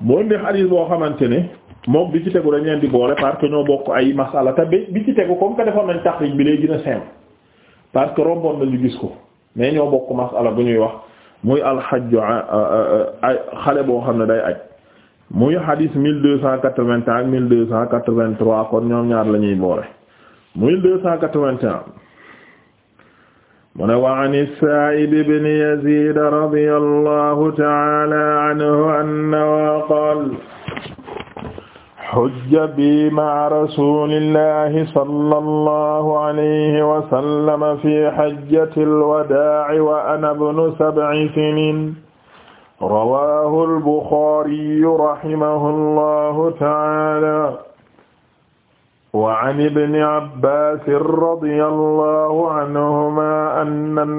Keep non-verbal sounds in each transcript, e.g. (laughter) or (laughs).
moo indi xadis boo xamante ne moom bi ci tegu dañ leen di boole parce que ñoo bokk ay masala te bi ci tegu comme que defoon nañ taxriij bi lay gën a parce que romboon nañu gis ko mais ñoo bokk masala bu ñuy wax muy alxajju ay xale boo xam ne day aj muy xadis mille deux cent quatre-vingt-un mille deux cent quatre-vingt-trois kon ñoom ñaar la ñuy boole mille deux cent quatre-vingt-un mu ne wa an as-Saa'ib ibn Yaziid radiyallahu ta'aala anhu annahu qaala hujja bi ma'a rasuulillahi sallallahu alayhi wa sallam fi hajjatil wadaa'i wa ana ibnu sab'i siniin rawaahu al-Bukhaari rahimahullahu ta'aala wa an ibni Abbaas radiyallahu anhu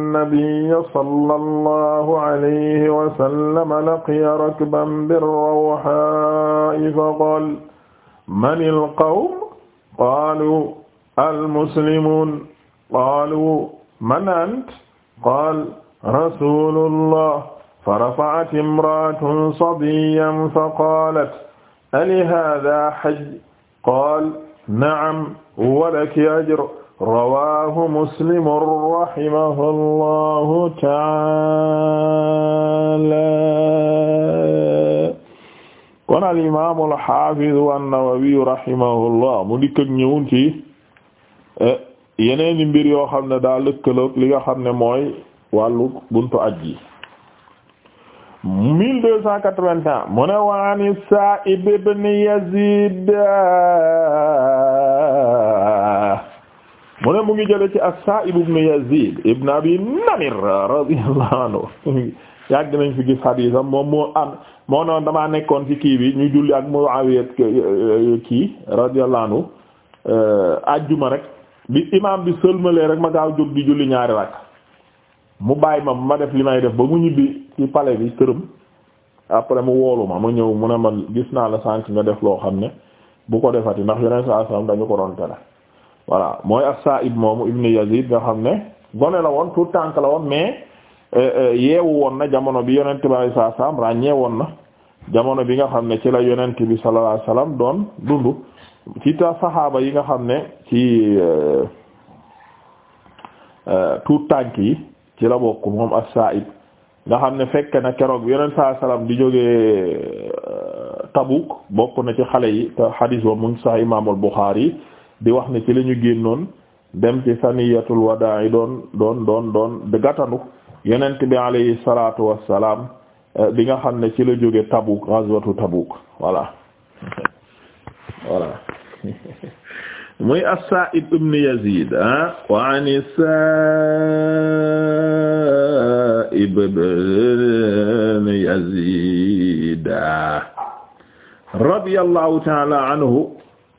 annabiyya sallallahu alayhi wa sallam laqiya rakban birrawhaa'i faqaala manil qawm qaaluu almuslimuun qaaluu man anta qaala rasuulullah farafa'at imra'atun sabiyyan faqaalat alihaadhaa hajj qaala na'am walaki ajr rawaahu muslim rahimahullahu taala kon al imaam al haafiz an-Nawawi rahimahullah mu dikk ak ñëwoon ci eh, yeneeni mbir yoo xam ne daa lëkkaloog li nga xam ne mooy wàllu buntu aj yi 1281 mu ne waani Saa'ib ibn Yaziid mu ne mu ngi jële ci as-Sa'ib ibn Yazid ibn Abi Namir radiyallahu anhu yàgg nañ fi gis xadiisam moom moo am moo noon damaa nekkoon ci kii bi ñu julli ak Muawiya kii radiyallahu anhu eh, ajjuma rek bi imaam bi sëlmalee rek ma gaaw jóg di julli ñaari rakk mu bàyyi ma ma def li may def ba mu ñibbi ci palais bi këram après mu woolu ma mu ñëw mu ne ma gis naa la sànq nga def loo xam ne bu ko defati ndax yeneen saa saam dañu ko doon tere voilà mooy as-Sa'ib moom ibn Yazid nga xam ne gone la woon tout tànk la woon mais euh, euh, yeewu woon na jamono bi yonent bi alayhi salaam ràññee woon na jamono bi nga xam ne ci la yonent bi sallallahu alayhi wasallam doon dund ci ta saxaaba yi nga xam ne ci euh, tout tànk yi ci la bokk moom ak saib nga xam ne fekk na keroog bi yonent sallallahu alayhi di jógee Tabuk bokk na ci xale yi te xadiis ba mu ngi sax Imaamul Buxaari di wax ne ci la ñu génnoon dem ci saniyatul wadaa'i doon doon doon doon di gàttanu yonent bi alayhi salaatu wassalaam eh, bi nga xam ne ci la jóge Tabuk ghazwatu Tabuk voilà voilà (laughs) muy as-Sa'ib ibn Yazid ah wa an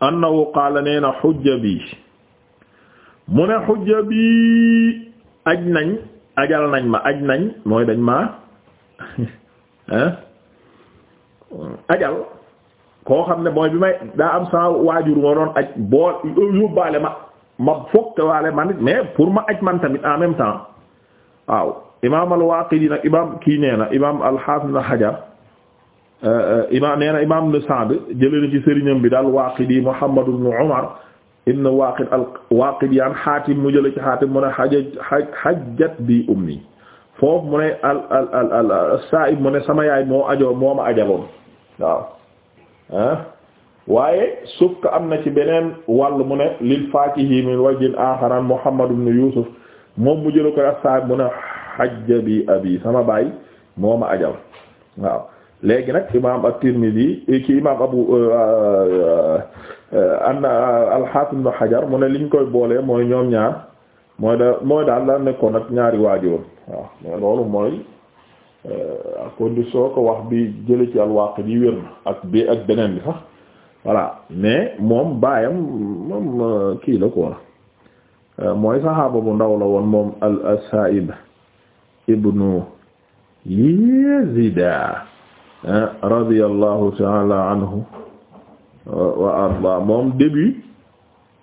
annahu qaala nee na xujja bi mu ne xujja bi aj nañ ajal nañ ma aj nañ mooy dañ ma ah (laughs) ajal koo xam ne mooy bi may daa am sa waajur moo doon aj boo yóbbaale ma ma fokke waale man it mais pour ma aj man tamit en même temps waaw imaam al-Waaqidi nag imaam kii nee na imaam al-Haafiz na Hajar Euh, euh, imaam nee na imaam ibn Sa'd jëlee na ci sëriñam bi daal Waaqidi Muhammad ibn Umar ibn Waaqid al-Waaqidi an Haatim mu jëlee ci Haatim mu ne hajjaj hajjat bi ummi foofu mu ne al al al al Saa'ib mu ne sama yaay moo ajo moo ma ajaloon waaw ah waaye am na ci beneen wàll mu ne lil faakihi min wajhin aaxaran Muhammad ibn Yuusuf moom mu jëlee ko as Saa'ib mu ne hajja bi abi sama baay moo ma ajal waaw. léegi nag imaam at-Tirmidhi eh, ki imaam abu eh, eh, anna al-Hafiz ibn mu ne liñ koy boolee mooy ñoom ñaar mooy da mooy daal la nekkoon ak ñaari waajoon waaw mais loolu mooy à condition ko wax bi jële ci al-Waqidi wér na ak bi ak beneen bi sax voilà mais moom baayam moom kii la quoi mooy saxaaba bu ndaw la woon moom al-Sa'ib ibnu Yazida radiyallahu ta'ala anhu wa arda moom début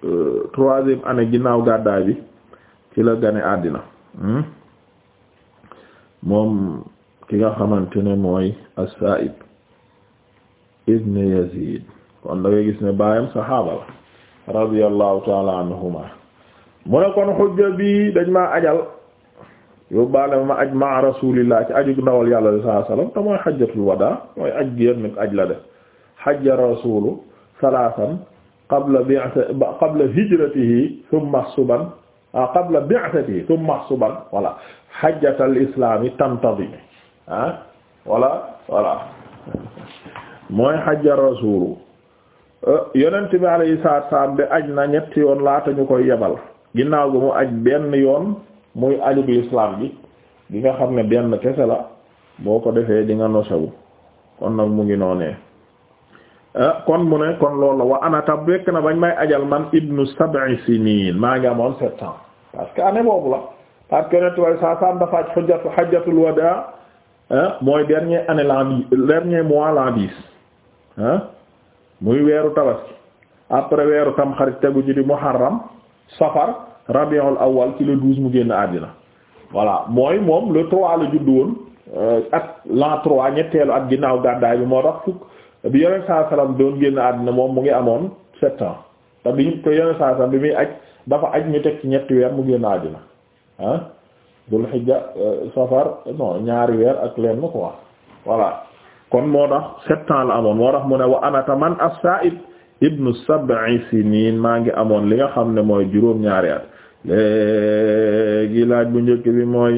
euh, troisième année ginnaaw gàddaay bi ci la gane àddina hmm? moom ki nga xamante ne mooy as-Sa'ib ibn Yazid kon da ngay gis ne baayam saxaaba la radiyallahu ta'ala anhuma mu ne kon xujja bi dañ ma ajal yóbbaale ma aj ma rasulillah ci aju ndawal yàlla de saa salaam te mooy xajjatul wadaa mooy aj gi yenn aj la def xajja rasulu salaasan qabla bi'sa qabla hijratihi thumma suban ah qabla bi'satihi thumma suban voilà xajjatal islaami tantazimi ah voilà mooy xajja rasulu yonent bi alayhi salaatu salaam aj na ñetti yoon laata ñu koy yebal ginnaaw gi mu aj benn yoon. muy aju bi islam bi bi nga xam ne benn kese la boo ko defee di nga nosawu kon nag mu ngi noonee ah, kon mu ne kon loolu la wa ana fekk na bañ may ajal man ibnu sab'i sinin maa ngi amoon sept ans parce que année boobu la parce que nett way saa san dafaaj hajjatu hajjatul wada ah, mooy dernier année l'an dix dernier mois l'an dix ah, muy weeru tabaski après weeru tam xarit tegu ci di muharram safar rabiul awal ci le mu génn àddina voilà mooy moom le trois la judd woon euh, ak l'an trois ñetteelu ak ginnaaw gàddaay bi moo tax fukk bi yoneen saa doon génn àddina moom mu ngi amoon sept ans te bi te bi muy aj dafa aj ñu teg ci ñetti weer mu génn àddina ah dul xijja euh, safar non ñaari weer ak leen quoi voilà kon moo tax sept la amoon moo tax mu ne wa anata man ibnu sab'i sinin maa ngi amoon li nga xam ne mooy juróom ñaari at léegi laaj bu njëkk bi mooy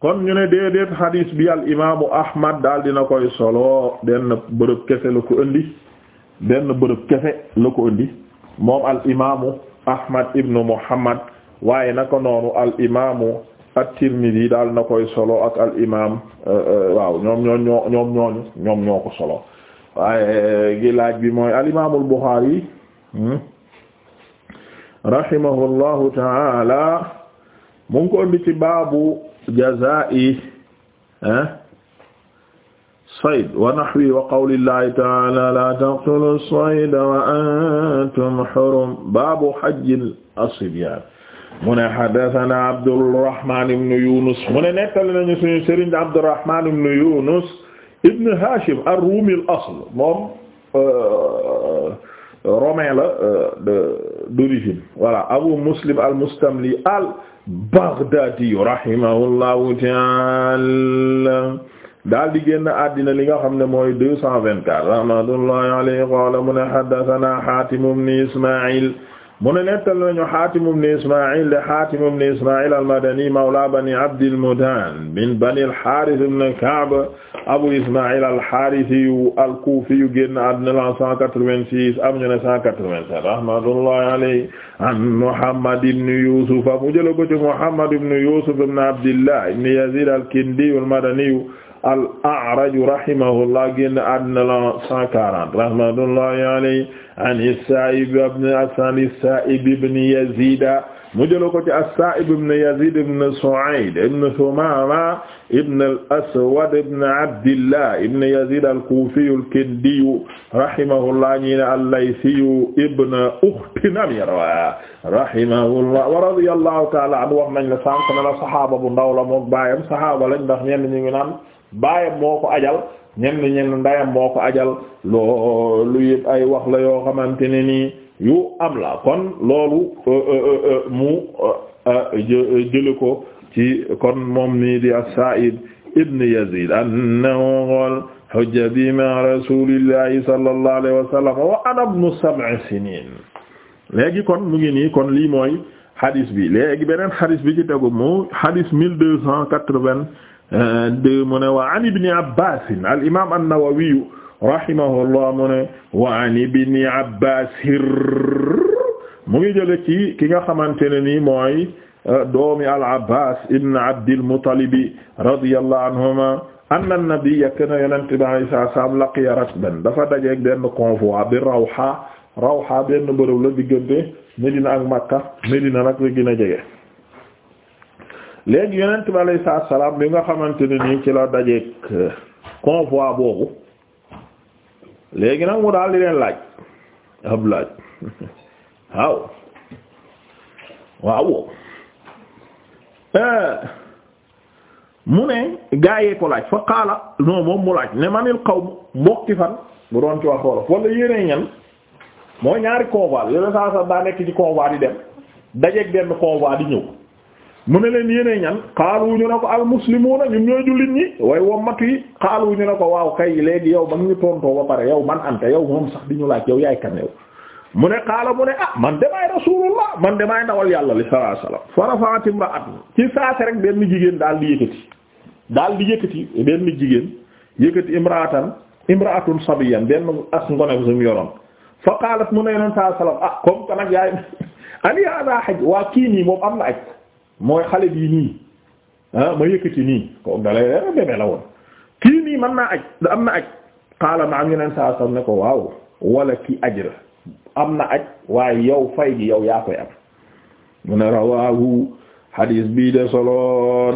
kon ñu ne déedéet hadis bi al imaamu ahmad daal dina koy solo benn bërëb kese la ko indi bërëb kese la ko indi moom al imaamu ahmad ibnu muhammad waaye naka noonu al imaamu at-tirmidhi daal na koy solo ak al imaam euh, euh, waaw ñoom ñoo ñoom ñooñu ñoom ñoo ko solo waaye eh, gi laaj bi mooy al imaamul Buxaari hmm, rahimahullahu taala mu ngi ko indi ci baabu jazaa'i eh, sayd wa nahwi wa qawlillahi taala la taqtulu sayda wa antum hurum baabu hajjil asibyaan mu ne haddathana Abdurrahman ibn Yunus mu ne nettali nañu suñu sëriñ Abdurrahman ibn Yunus Ibn Hashim ar-Rumi al-asl moom euh, romain la euh, de d'origine voilà Abu Muslim al-Mustamli al-Baghdadi rahimahullahu ta'ala daal di génn àddina li nga xam ne mooy deux cent vingt-quatre rahmatullahi alayhi qala mu ne haddathana Hatim ibn Isma'il mu ne nettal nañu Hatim ibn Isma'il de Hatim ibn Isma'il al-Madani mawla bani Abdil Mudan min bani al-Harith ibn Ka'b Abu Isma'il al-Harithi al-Kufi génn àddina la 186 am ñu ne 187 rahmatullahi alayhi an Muhammad ibn Yusuf mu jël ko ci Muhammad ibn Yusuf ibn Abdillah ibn Yazid al-Kindi al-Madani al A'raj rahimahullah génn àddina la 140 rahmatullahi alayhi an as-Sa'ib ibn Asan as-Sa'ib ibn Yazid mu jël ko ci as-Sa'ib ibn Yazid ibn Su'ayd ibn Thumama ibn al-Aswad ibn Abdillah ibn Yazid al-Kufi al-Kindi rahimahullah ñi ne al-Laythi ibn Ukht Namir rahimahullah wa radiyallahu ta'ala anhu wax nañ la sànq na la saxaaba bu ndaw la moom baayam saxaaba lañ ndax ñenn ñu ngi naan baayam moo ko ajal ñenn ñenn ndayam moo ko ajal loolu yëpp ay wax la yoo xamante ne nii yu am la kon loolu euh, euh, euh, mu jële ko ci kon moom nii di as-Sa'id ibn Yazid annahu qala hujja bi ma rasulillahi sallallahu alayhi wa sallam wa ana ibnu sab'i sinin léegi kon mu ngi nii kon lii mooy hadis bi léegi beneen hadis bi ci tegu mu hadis mille deux cent quatre-vingt deux mu ne wa an ibni abbas al imam an-Nawawi rahimahullah mu ne wa an ibni abbas mu ngi jële ci ki nga xamante ne nii mooy euh, doomi al abbas ibn abdil muttalib radiyallahu anhuma anna an-nabiyya kana yonente bi alayhi salaam laqiya ratban dafa dajeeg benn convoi bi rawha rawha benn bërëb la diggante Medina ak Makka Medina nag la gën a jege léegi yonent bi alayhi salaatu salaam bi nga xamante ne nii ci la dajeeg euh, convoi boobu léegi nag mu daal di leen laaj ab laaj (laughs) waaw waaw euh, mu ne gaa yee ko laaj fa qaala non moom mu laaj ne manil qawm mbokki fan bu doon ci wax wolof wala yére ñan mooy ñaari convoi yonent saa saa daa nekk ci convoi di dem dajeeg benn convoi di ñëw. mu ne leen yéenee ñan xaalu ñu ne ko al muslimuuna ñun ñooy jullit ñi way wommatu yi xaalu ñu ne ko waaw kay léegi yow ba nga ñu tontoo ba pare yow man anta yow moom sax di ñu laaj yow yaay kan yow mu ne xaala mu ne ah man demaay man demaay ndawal yàlla li sallallahu alayhi wasallam fa rafa'at imra'at ci jigéen daal di yëkkati daal di yëkkati jigéen yëkkati imra'atan imra'atun sabiyan benn as ngone sumu yoroon fa qaalat mu ne yoneen sallallahu alayhi wasallam ah comme que nag yaay ali (laughs) hada haj waa kii nii moom am na aj mooy xale bii nii ah ma yëkkati nii kooku da aj da am na aj xaala ma am yeneen saa sam ne ko waaw wala ki ajra am na aj waaye yow fay gi yow yaa koy am mu ne rawahu hadis bii de solo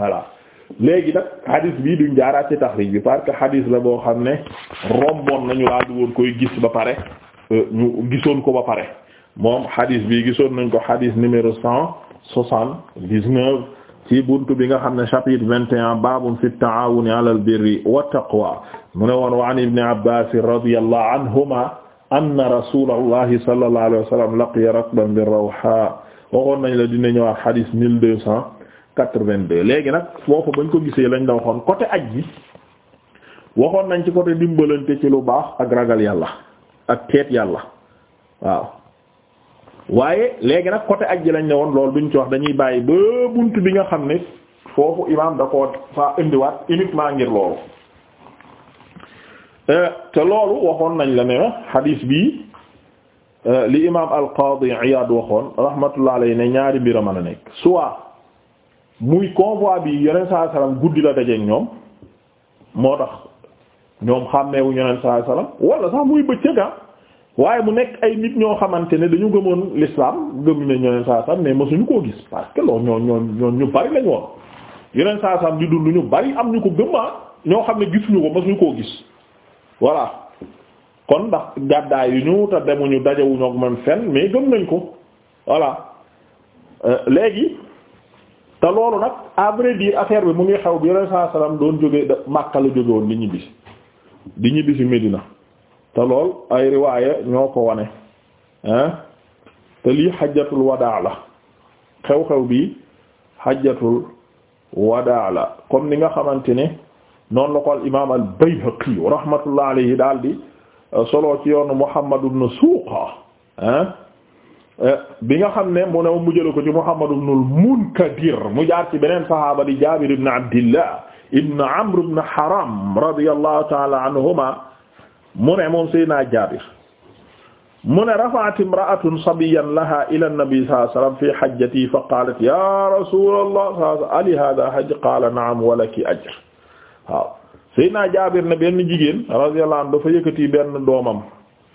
voilà léegi nag hadis bii duñ jaaraat ci taxrij bi parce que hadis la boo xam ne romboon nañu laa di woon koy gis ba pare euh, ñu gisoon ko ba pare moom hadis bi gisoon nañ ko hadis numéro cent soixante-dix-neuf ci buntu bi nga xam ne chapitre vingt et un babun fi taawuni ala al birri wa taqwa mu ne woon wa an ibni abbas radiyallahu anhuma anna rasulallahi sallallahu alayhi wa sallam laqiya rakban bi rawha waxoon nañ la dina ñëwaat hadis mille deux quatre-vingt-deux léegi nag foofu bañ ko gisee lañ la waxoon coté aj ji waxoon nañ ci côté dimbalante ci lu baax ak ragal yàlla ak teet yàlla waaw waaye léegi nag côté aj ji lañ ne woon loolu duñ ci wax dañuy bàyyi ba bunt bi nga xam ne foofu imaam da koo fa indiwaat uniquement ngir loolu euh, te loolu waxoon nañ la ne xadiis bii euh, li imaam al qaadi Iyaad waxoon rahmatullah alayhi ne ñaari mbir a mën a nekk soit muy convoi bi yonent saa salaam guddi la dajeeg ñoom moo tax ñoom xàmmeewu yonent saa salaam wala sax muy bëccëg a ah. waaye mu nekk ay nit ñoo xamante ne dañu gëmoon l'islam gëm ne yonent saa salaam mais mosuñu koo gis parce que loolu ñoo ñoo ñu bari lañ woon yonent saa salaam di dund ñu bari am ñu ko gëm ah ñoo xam ne gisuñu ko mosuñu koo gis voilà kon ndax gàddaay yu ñu te demuñu dajewuñu ak man fen mais gëm nañ ko voilà euh, léegi. te loolu nag à vrai dire affaire bi mu ngi xew bi yoneen saa salaam doon jóge Makka la jóge woon di ñibbisi di ñibbisi Medina te lool ay riwaaya ñoo ko wane te lii xajjatul wadaa la xew-xew bi xajjatul wadaa la comme ni nga xamante ne noonu la ko al imaam al Bayhaqi rahmatullah alayhi daal di euh, solo ci yoonu Muhammad ibn Suuqa hein Eh, bi nga xam ne mu ne mu jële ko ci Muhammad ibn al-Munkadir mu jaar ci beneen sahaaba di Jaabir ibn Abdillah ibn Amr ibn Haram radiyallahu ta'ala anhuma mu ne moom Seydina Jaabir mu ne rafa'at imra'atun sabiyyan laha ila an-nabi sallallahu alayhi wasallam fi hajjati fa qalat ya rasulallah ali hadha hajj qala na'am wa laki ajr waaw Seydina Jaabir ne benn jigéen radiyallahu anhu dafa yëkkati benn doomam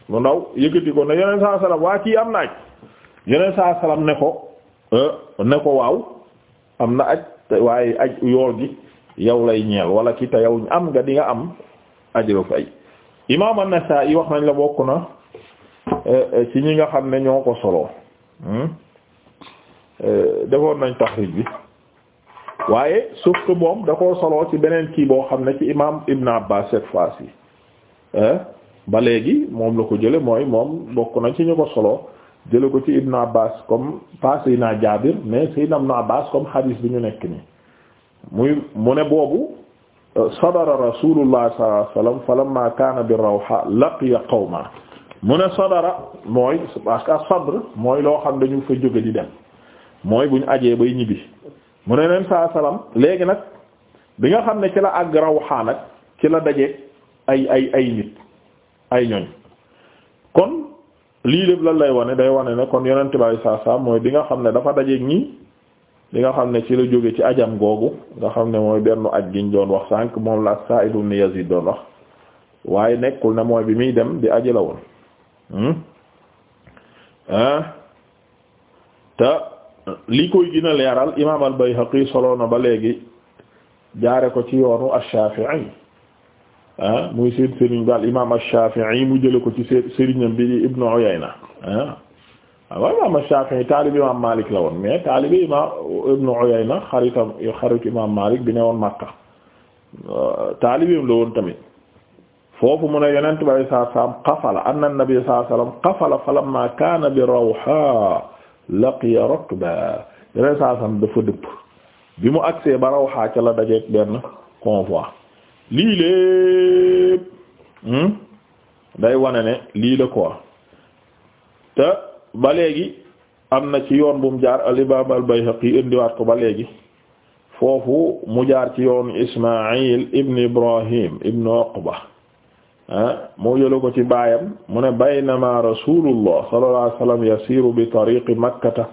mu ndaw yëkkati ko ne yeneen sallallahu alayhi wasallam waa kii am naaj yeneen saa salaam ne ko euh, ne ko waaw am na aj waaye aj yool gi yow lay ñeel wala ki te yow ñu am nga di nga am ajro fay imaam An-Nasaa'i wax nañ la bokk na euh, ci ñi nga xam ne ñoo ko solo hmm? euh, defoon nañ taxrij bi waaye sauf que moom da koo solo ci beneen kii boo xam ne ci imaam Ibn Abbas cette fois-ci ba léegi moom la ko jële mooy moom bokk na ci ñu ko solo jële ko ci ibnu abbas comme pas Seydina Jaabir mais Seydina ibnu abbas comme hadis bi ñu nekk ni muy mu ne boobu euh, sadara rasulullah sallallahu alayhi wasallam kaana bi rawha laqiya qawma mu ne sadara mooy parce que sadr mooy loo xam dañu fa jóge di dem mooy bu ñu ajee bay ñibbi mu ne neen salaam léegi nag bi nga xam ne ci la àgg rawha nag ci la daje ay ay ay nit ay ñoñ kon lii lépp lan lay wane day wane ne kon yonent bi saa saa mooy bi nga xam ne dafa dajeeg ñii bi nga xam ne ci la jóge ci ajam googu nga xam ne mooy benn aj giñ doon wax sànq moom la Sa'id ibn Yazid doon wax waaye nekkul ne mooy bi muy dem di aji la woon hmm? ah? te li koy gën a leeral imaam al-Bayhaqi solo na ba léegi jaare ko ci yoonu ash-Shafi'i ah muy seen sëriñ daal imaam Ash-Shafi'i mu jëlee ko ci seen sëriñam bi Ibn Uyayna ah. ah waaw imaam shafii taalibe imaam Malik la woon mais taalibe imaam Ibn Uyayna xaritam Malik bi ne ah, woon Makka taalibeem la tamit foofu mu ne Yonent bi sallallahu alayhi wasallam qafala anna an-nabiy sallallahu alayhi kaana bi Rawha laqiya Rukba Yonent sallallahu alayhi wasallam dafa bi mu agsee ba Rawha ca la dajeek benn convoi lii lépp hmm? day wane ne lii la quoi te ba léegi am na ci yoon bu mu jaar al imaam al Bayhaqi indiwaat ko ba léegi foofu mu jaar ci yoon Ismaïl ibn Ibrahim ibn Uqba ah, moo jëla ko ci baayam mu ne baynama rasulullah sallallahu alayhi wasallam yasiru bi tariqi makkata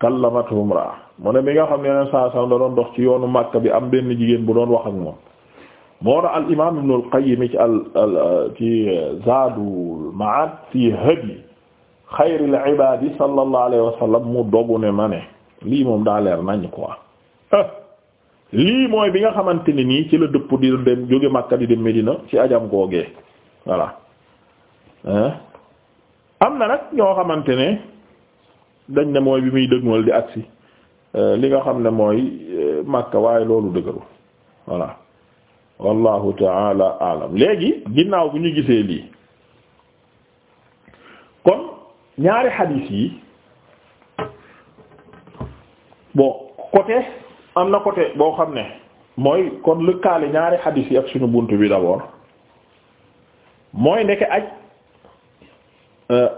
kallamathu imra'a mu ne bi nga xam ne yeneen saa sallam da doon dox ci yoonu Makka bi am benn jigéen bu doon wax ak moom moo na al imaam ibn al qayyim ci al al ci zaadul ma'aad fi hadi xayril ibaadi sallallahu alayhi wa sallam mu dogu ne ma ne lii moom daa leer nañ quoi lii mooy bi nga xamante ni nii ci la dëpp di dem jóge Makka di dem Medina ci ajam googee voilà am na nag ñoo xamante ne dañ ne mooy bi muy dëgmal di agsi li nga xam ne mooy Makka waaye loolu dëgëru voilà wallahu taala alam léegi ginnaaw bu ñu gisee lii kon ñaari xadiis yi bon côté am na côté boo xam ne mooy kon lëkkaale ñaari xadiis yi ak suñu bunt bi d'abord mooy nekk aj euh,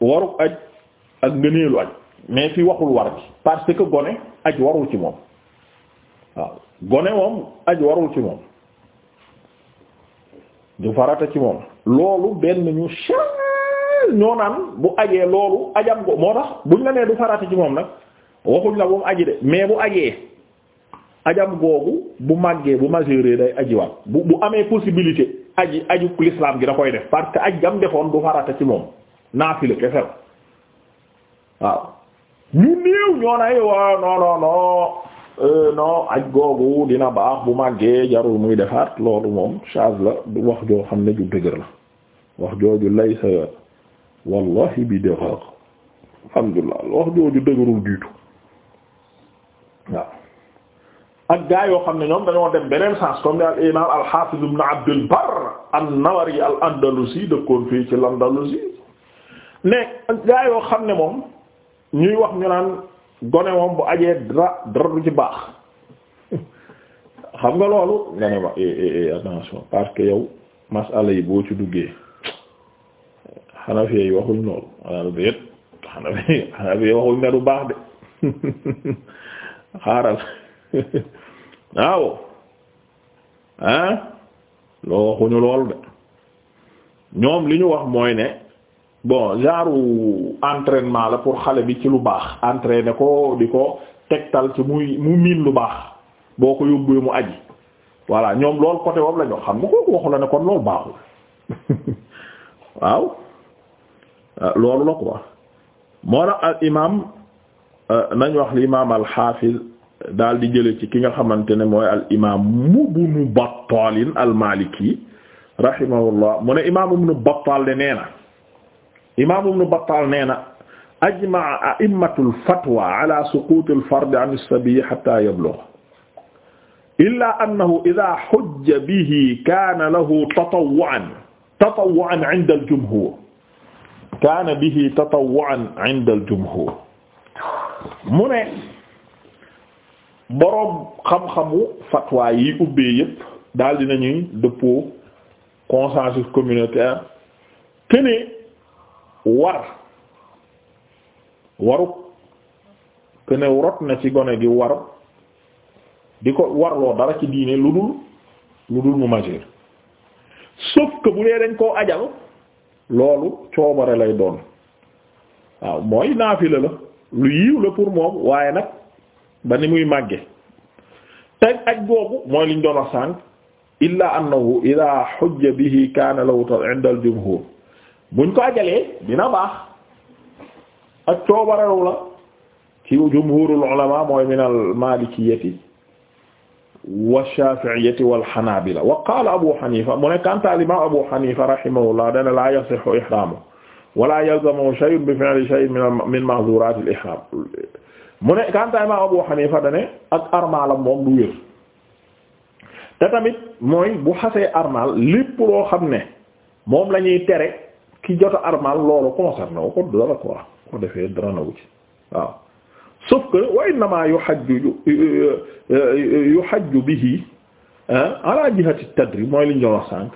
waru aj ak ngëneelu aj mais fi waxul war bi parce que gone aj warul ci moom waaw gone moom aj warul ci moom du farata ci moom loolu benn ñu chal ñoo naan bu ajee loolu ajam ko moo tax buñ la nee du farata ci moom nag waxuñ la bu mu aji de mais bu ajee ajam googu bu màggee bu majeure day ajiwaat bu bu amee possibilité aji aju l'islam gi da koy def parce que aj gam defoon du farata ci moom naafila kese la waaw ñu néew ñoo nay waa non non non Euh, non aj googu dina baax bu màggee jarul muy defaat loolu moom charge la du wax joo xam ne ju dëgër la wax jooju lay sa wallahi bi dëgër alhamdulilah wax jooju dëgërul diitu waaw ak gaa yoo xam ne ñoom dañoo dem beneen sens comme ni al imam al hafiz ibn abd al barr an-nawari al andalusi dëkkoon fii ci l'andalusi ne gaa yoo xam ne moom ñuy wax ñu naan gone moom bu ajee dra dra du ci baax xam nga loolu nga ne ma eh, eh, eh, attention parce que yow masala yi boo ci duggee xanaa fi waxuñ loolu xanaa fi xanaa waxuñ ne du baax de xaaral waaw ah loo waxuñu loolu de ñoom li ñu wax mooy ne bon genre entrainement la pour xale bi ci lu baax entraîner ko di ko tegtal ci muy mu miin lu baax boo ko yóbbuwee mu aji voilà ñoom loolu côté boobu la ñu xam nga kooku waxu la ne kon loolu baaxul (laughs) waaw euh, loolu la quoi moo tax al imaam euh, nañ wax li imaam al xaafiz daal di jële ci ki nga xamante ne mooy al imaam Ibnu Battaal al Maaliki rahimahullah mu ne imaam Ibnu Battaal de nee na imaam ibn Battal nee na ajmaa a'immatul fatwa ala suquutil fard an as-sabiy hatta yablugh illaa annahu idhaa hujja bihi kaana lahu tatawwu'an tatawwu'an 'inda al-jumhuur kaana bihi tatawwu'an 'inda al-jumhuur mu ne boroom xam-xamu fatwa yi ubbee yépp daal dinañuy dëppoo consensus communautaire que ne war waru que rot na ci gone gi war di ko warloo dara ci diine lu dul lu dul mu majeur sauf que bu dee dañ koo ajal loolu coobare lay doon waaw mooy naafila la lu yiw la pour moom waaye nag ba ni muy màgge te aj boobu mooy liñ doon wax sànq illa annahu ida hujja bihi kaana lahu inda al jumhur buñ ko ajalee dina baax ak coobarewu la ci jumhurul ulama mooy min al malikiyati wa shafi'iyati wal hanabila wa qala abu hanifa mu ne kanta al imam abu hanifa rahimahullah dana la yasihu ihramu wala yalzamu shay'un bi fi'li shay'in min ma'zurat al ihram mu ne kanta imam abu hanifa dane ak armalam moom du wér te tamit mooy bu xasee armal lépp loo xam ne moom lañuy tere ki jot a armal loolu concerné wu ko dara quoi ko defee dara na wu ci waaw sauf que wa innama yuhajju yuhajju bihi ala jihati tadrib mooy li ñu doon wax sànq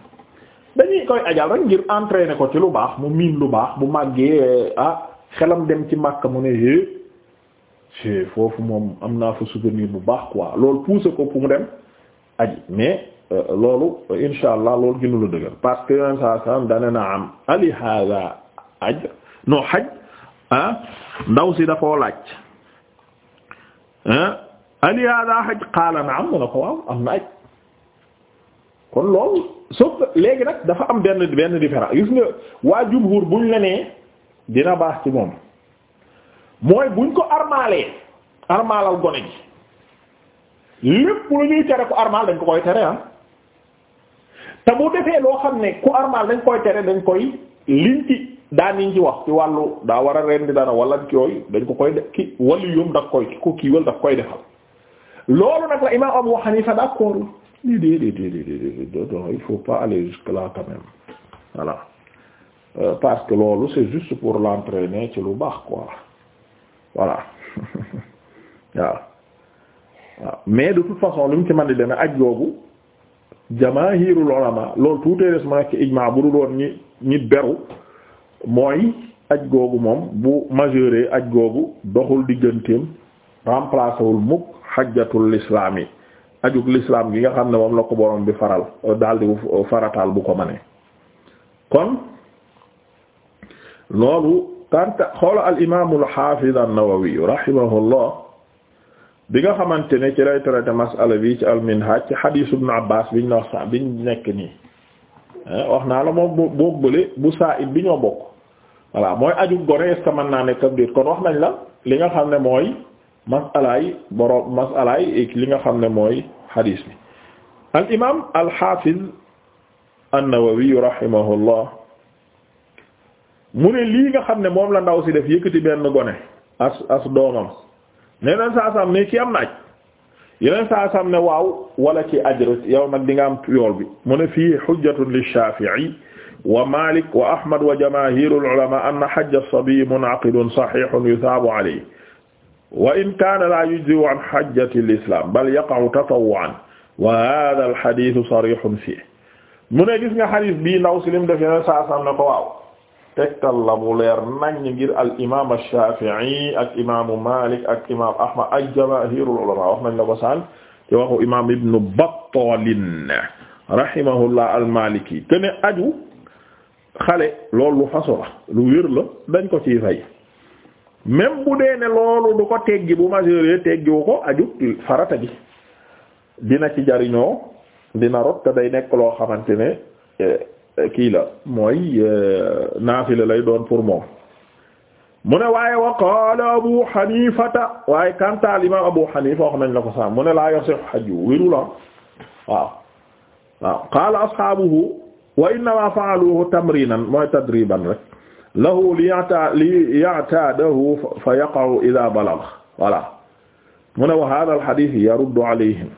dañuy koy ajal rek ngir entraîner ko ci lu baax mu miin lu baax bu màggee eh, ah xelam dem ci Makka mu ne é eh, eh, foofu moom am naa fa souvenir bu baax waa loolu pousser ko pour mu dem aji mais Euh, loolu insha allah loolu gënu la dëgër parce que yoneen saa salaam am ali hada ajr no xaj ah, ndaw si dafoo laaj ah ali hada xaj qaala na am mu ne ko waaw am na aj kon loolu sauf léegi nag dafa am benn benn différence gis nga waa jumhur buñ la nee dina baax ci moom mooy buñ ko armaalee armaalal gone gi lépp lu ñuy tere ko armaal dañ ko koy tere ah te bu defee loo xam ne ku armal dañ koy tere dañ koy liñ ci daan ci wax ci wàllu daa war a rendi dara wala yooyu dañ ko koy def ki wali yom daf koy ki ko kiiwal daf koy defal loolu nag la imam Abu Hanifa d'accord lii déedéet déedéet donc il faut pas aller jusque-là quand même voilà euh, parce que loolu c'est juste pour l'entraîner ci lu baax ko voilà (laughs) waaw waaw mais de toute façon lu mu ci mën de demee aj googu jamaahirul ulama loolu tuutee des mu nekk ijmaa bu dul woon ñi ñi beru mooy aj googu moom bu majeure aj googu doxul digganteem remplacé wul mukk xajjatul islaam yi ajug l'islam gi nga xam ne moom la ko borom bi faral daal di farataal bu ko mënee kon loolu kanta xoola al imaamul xaafiz an-Nawawi rahimahullah bi nga xamante ne ci lay traité masala bi ci al-Minhaj ci hadiis Ibn Abbaas biñ na wax sa biñ nekk nii eh, wax naa la moom boo bële bu saa bi ñoo bokk voilà mooy aju gone est-ce que naa nekk am déet kon wax nañ la li nga xam ne mooy masalaay boroom masalaay ak nga xam ne mooy hadiis bi al imaam al haafiz an-Nawawi rahimahullah mu ne lii nga xam ne moom la ndaw si def yëkkati benn gone as as doomam yeneen saa saam ne ci am naaj yeneen saa saam ne waaw wala ci ajr yow nag di nga am yool bi mu ne fii hujjatun lish-Shafi'i wa Malik wa Ahmad wa jamaahirul ulamaa anna hajj as-sabiy mun'aqidun sahihun yuthabu alayhi wa in kaana laa yujzi'u an hajjati al-islam bal yaqa'u tatawwu'an wa haadha al-hadith sarihun fiihi mu ne gis nga xadis bii ndaw si lim def yeneen saa saam ne ko waaw. tegtal la mu leer naññ ngir al imaam Shaafi'i ak imaamu Maalik ak imaam Ahmad ak jamaahirul ulamaa wax nañ la ko sànq ci waxu imaam Ibn Battal rahimahullah al Maaliki te aju xale loolu façon la lu wér la dañ ko ciy fay même bu dee ne loolu du ko teggi bu majeur teggiwu ko aju farata gi dina ci jariñoo dina rot day nekk loo xamante ne. Eh, Eh, kii la mooy eh, naafila lay doon pour moom mu ne waaye wa qaala abu xanifata waaye kanta al imam abu xanifa wax nañ la ko sax mu ne laa yasih hajju wéru la waaw waaw qaala ashaabuhu wa innama fa'aluhu tamrinan mooy tadriban rek lahu li yata li ya'taadahu fa yaqa'u idha balagha voilà mu ne wa hadha al hadith yaruddu alayhim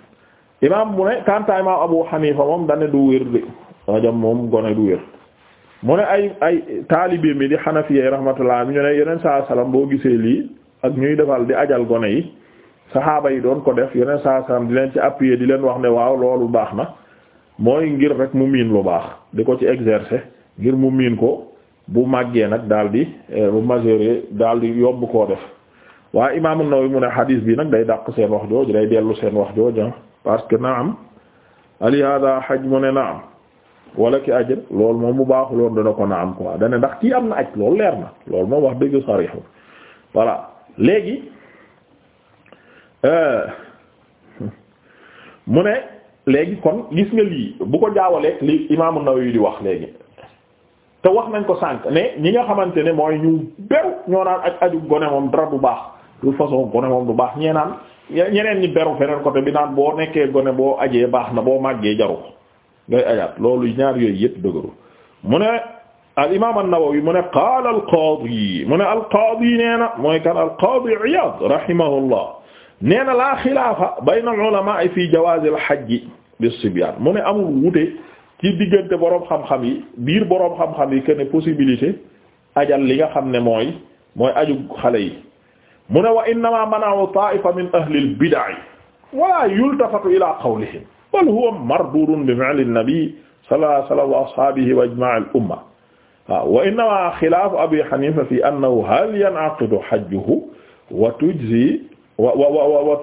imam mu ne kanta imam abu xanifa moom dane du wér de rajab moom gone du wér mu ne ay ay taalibe mi di xanafiyee rahmatullah ñu ne yeneen saa salaam boo gisee lii ak ñuy defal di ajal gone yi saxaaba yi doon ko def yeneen saa salaam di leen ci appuyer di leen wax ne waaw loolu baax na mooy ngir rek mu miin lu baax di ko ci exercer ngir mu miin ko bu màggee nag daal di eh, bu majeure daal di yomb koo def waaye Imaam an mu ne xadiis bi nag day dàq seen wax jooju day dellu seen wax jooju ah, parce que naam ali hada naam wala ki ajr loolu moom bu baaxul woon dana ko na am quoi dana ndax kii am na aj loolu leer na loolu moom wax dëgg sarixu voilà léegi euh, (laughs) mu ne léegi kon gis nga lii bu ko jaawalee li imaamu Nawawi di wax léegi te wax nañ ko sànq ne ñi nga xamante ne mooy ñu beru ñoo naan aj aju gone moom dara du baax de toute façon gone moom du baax ñee naan ñeneen ñi beru feneen côté bi naan boo nekkee gone boo ajee baax na boo màggee jaru ko ngay ajaat loolu ñaar yooyu yëpp dëgëru mu ne al imaam an-Nawawi mu ne qaala al qaadi mu ne al qaadi nee na mooy kan al qaadi Iyaad rahimahullah nee na laa xilaafa bayna al fi jawaazi al hajji bis-sibyaan mu ne amul wute ci diggante boroom xam-xam yi biir boroom xam-xam yi que ne possibilité ajal li nga xam ne mooy mooy aju xale yi mu ne wa innamaa mana'u taa'ifa min ahli al bid'a wa laa yultafatu bal huwa mardudun bi fi'li nabi sallallahu alayhi wa sallam wa ashaabihi wa ijmaa' al umma waaw wa innama xilaafu abi xanifa fi annahu hal yan'aqidu hajjuhu wa tujzi wa wa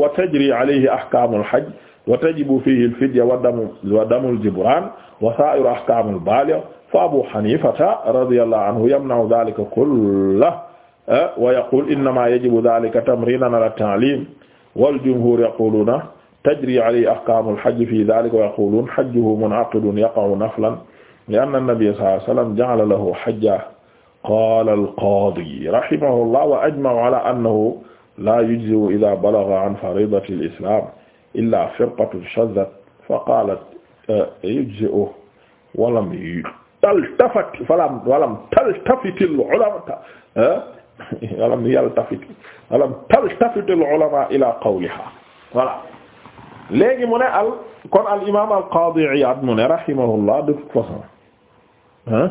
wa tajri alayhi ahkaamul hajj wa tajibu fiihi al-fidya wa damu wa damul jibran wa saa'iru ahkaamil baaligh fa abu xanifata radiyallahu anhu yamna'u dhaalika kullahu eh, wa yaqulu innamaa yajibu dhaalika tamriinan ala at-ta'liim wal jumhuur yaquluuna tajri alayhi ahkaamul hajji fii dhaalika wa yaquuluuna hajjuhu mun'aqidun yaqa'u naflan li'anna an-nabiyya sallallahu alayhi wa sallam ja'ala lahu hajjan qaala al-qaadii rahimahullah wa ajma'u alaa annahu laa yujzi'u idhaa balagha 'an fariidati al-islaam illaa firqatun shazzat faqaalat yujzi'u wa lam yaltafit wa lam taltafit al-'ulamaa wa lam yaltafit wa lam taltafit al-'ulamaa ilaa qawlihaa voilà léegi mu ne al kon al imaam al qaadi Iyaad mu ne rahimahullah de toute façon ah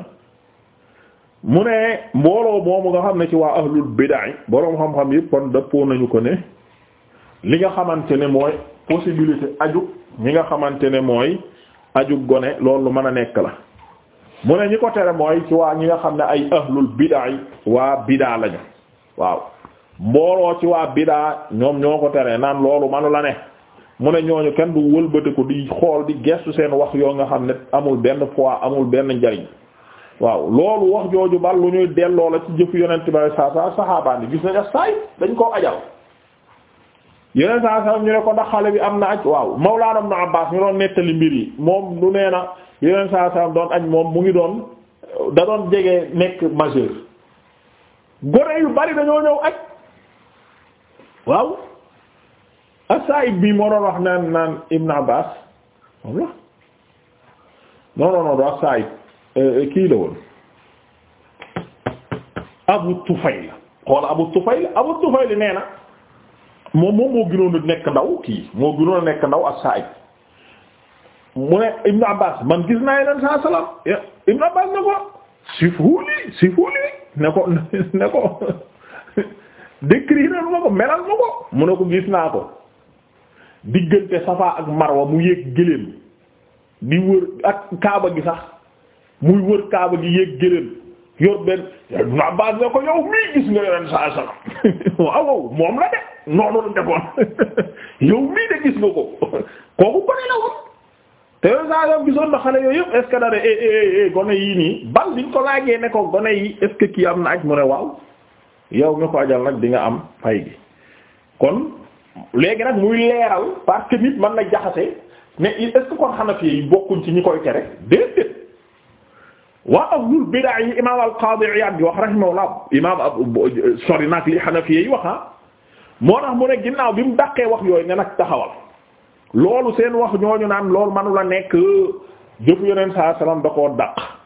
mu ne mbooloo moomu nga xam ne ci waa ahlul bida'i boroom xam-xam yëpp kon dëppoo nañu ko ne li nga xamante ne mooy possibilité aju ñi nga xamante ne mooy aju gone loolu mën a nekk la mu ne ñi ko tere mooy ci waa ñi nga xam ne ay ahlul bida'i waa bidaa lañu waaw mbooloo ci waa bidaa ñoom ñoo ko tere naan loolu manu la ne. mu ne ñooñu kenn du wëlbatiku di xool di gestu seen wax yoo nga xam ne amul benn poids amul benn njariñ waaw loolu wax jooju ba lu ñuy delloo la ci jëf yonent bi saa saa saxaabaan bi gis nañ saay dañ koo ajal yeneen saa saa ñu ne ko ndax xale bi am na aj waaw Mawlaana Ibn Abbaas ñu doon nettali mbir yi moom du nee na yeneen saa saa doon aj moom mu ngi doon da doon jege nekk majeur gone yu bari dañoo ñëw aj waaw as-Sa'ib bi moo doon wax naan naan Ibn Abbas moom la non non non du Abu Tufayl xool Abu Tufayl Abu Tufayl nee moom moom moo gënoon nekk ndaw kii moo gënoon nekk ndaw as-Sa'ib mu ne Ibn Abbas man gis naa yeneen saa salaam Ibn Abbas ne ko sifuuli sifuuli ne ko (laughs) ne ko (laughs) décrire ma ko melal ma ko mu ne ko gis naa ko. diggante Safa ak Marwa mu yéeg gëléem di wër ak Kaaba gi sax muy wër Kaaba gi yéeg gëléem yor benn ko yow mii gis nga yoren saa sala waaw (laughs) de gis nga ko (laughs) kooku gone la woon te yoren saa sala gisoon na xale yooyu yëpp est eh, eh, eh, gone yii nii bal biñ ko laajee ne ko gone yi est-ce que kii am na aj mu ne waaw yow mi ko ajal nag di nga am fay gi kon léegi nag muy leeral parce que nit mën na jaxase ne est-ce que kon Hanafi yi bokkuñ ci ñi koy tere déedéet waa ahlul bidaa yi imaam al-Qaadi Iyaad bi wax rahimahullah imaam ab sori naag li Hanafi yi wax ah moo tax mu ne ginnaaw bi mu dàqee wax yooyu ne nag taxawal loolu seen wax ñooñu naan loolu mënu la nekk jëfu yeneen saa salaam da koo dàq.